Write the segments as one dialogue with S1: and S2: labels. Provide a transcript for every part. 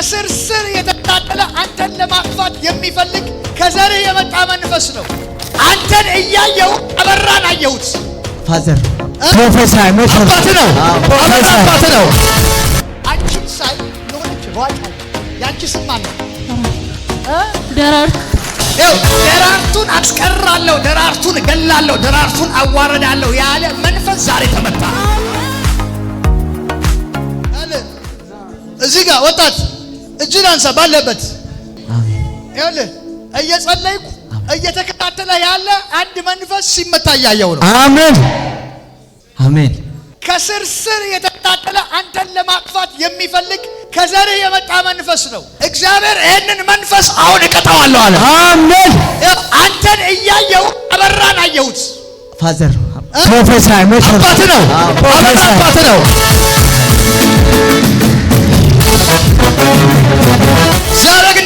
S1: ከስር ስር የተጣጠለ አንተን ለማጥፋት የሚፈልግ ከዘርህ የመጣ መንፈስ ነው። አንተን እያየው አበራን አየሁት።
S2: ፋዘር ፕሮፌሰር
S1: አባት ነው፣ አባት ነው። አንቺን ሳይ ለሆነች ሯጭ ያንቺ ስማ ነው? ደራርቱ ደራርቱን አስቀራለሁ፣ ደራርቱን እገላለሁ፣ ደራርቱን አዋረዳለሁ ያለ መንፈስ ዛሬ ተመታ። እዚህ ጋር ወጣት እጅን አንሳ ባለበት ይኸውልህ እየጸለይኩ እየተከታተለ ያለ አንድ መንፈስ ሲመታ እያየው ነው።
S2: አሜን አሜን።
S1: ከስር ስር የተከታተለ አንተን ለማጥፋት የሚፈልግ ከዘርህ የመጣ መንፈስ ነው። እግዚአብሔር ይህንን መንፈስ አሁን እቀጣዋለሁ
S2: አለ። አሜን።
S1: አንተን እያየው አበራን አየሁት።
S2: ፋዘር ፕሮፌሰር
S1: አባት ነው፣ አባት ነው።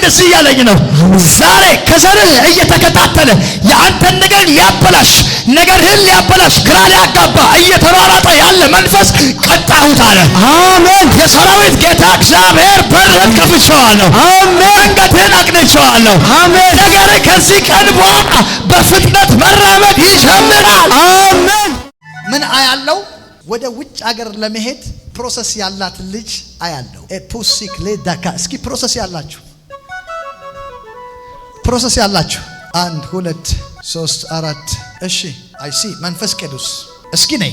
S1: እንደዚህ እያለኝ ነው። ዛሬ ከዘርህ እየተከታተለ የአንተን ነገር ሊያበላሽ ነገርህን ሊያበላሽ ግራ ሊያጋባ እየተሯሯጠ ያለ መንፈስ ቀጣሁት አለ። አሜን። የሰራዊት ጌታ እግዚአብሔር በርህን ከፍቼዋለሁ። አሜን። መንገድህን አቅንቼዋለሁ። አሜን። ነገርህ ከዚህ ቀን በኋላ በፍጥነት መራመድ ይጀምራል።
S2: አሜን።
S1: ምን አያለው? ወደ ውጭ ሀገር ለመሄድ ፕሮሰስ ያላት ልጅ አያለው። ፑሲክ ሌዳካ እስኪ ፕሮሰስ ያላችሁ ፕሮሰስ ያላችሁ አንድ ሁለት ሶስት አራት እሺ አይሲ መንፈስ ቅዱስ እስኪ ነይ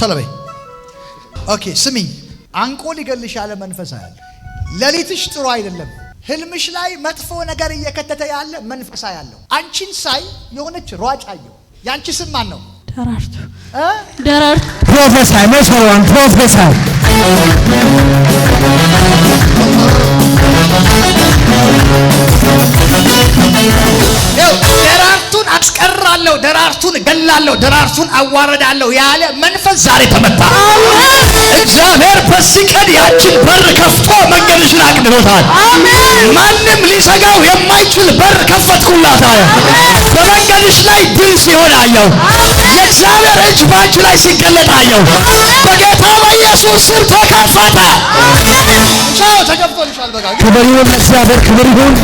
S1: ተለበይ ኦኬ ስሚኝ አንቆ ሊገልሽ ያለ መንፈስ አያለ ሌሊትሽ ጥሩ አይደለም ህልምሽ ላይ መጥፎ ነገር እየከተተ ያለ መንፈስ ያለው አንቺን ሳይ የሆነች ሯጭ አየሁ ያንቺ ስም ማን ነው
S3: ደራርቱ ደራርቱ
S2: ፕሮፌሳይ መሰሯን ፕሮፌሳይ
S1: ገላለሁ፣ ደራርቱን ገላለሁ፣ ደራርቱን አዋረዳለሁ ያለ መንፈስ ዛሬ ተመታ። እግዚአብሔር በዚህ ቀን ያችን በር ከፍቶ መንገድሽን አቅንሎታል። ማንም ሊዘጋው የማይችል በር ከፈትኩላት አለ። በመንገድሽ ላይ ድል ሲሆን አየሁ። የእግዚአብሔር እጅ ባንቺ ላይ ሲገለጥ አየሁ። በጌታ በኢየሱስ ስም ተከፈተ።
S2: ክብር ይሁን ለእግዚአብሔር፣ ክብር ይሁን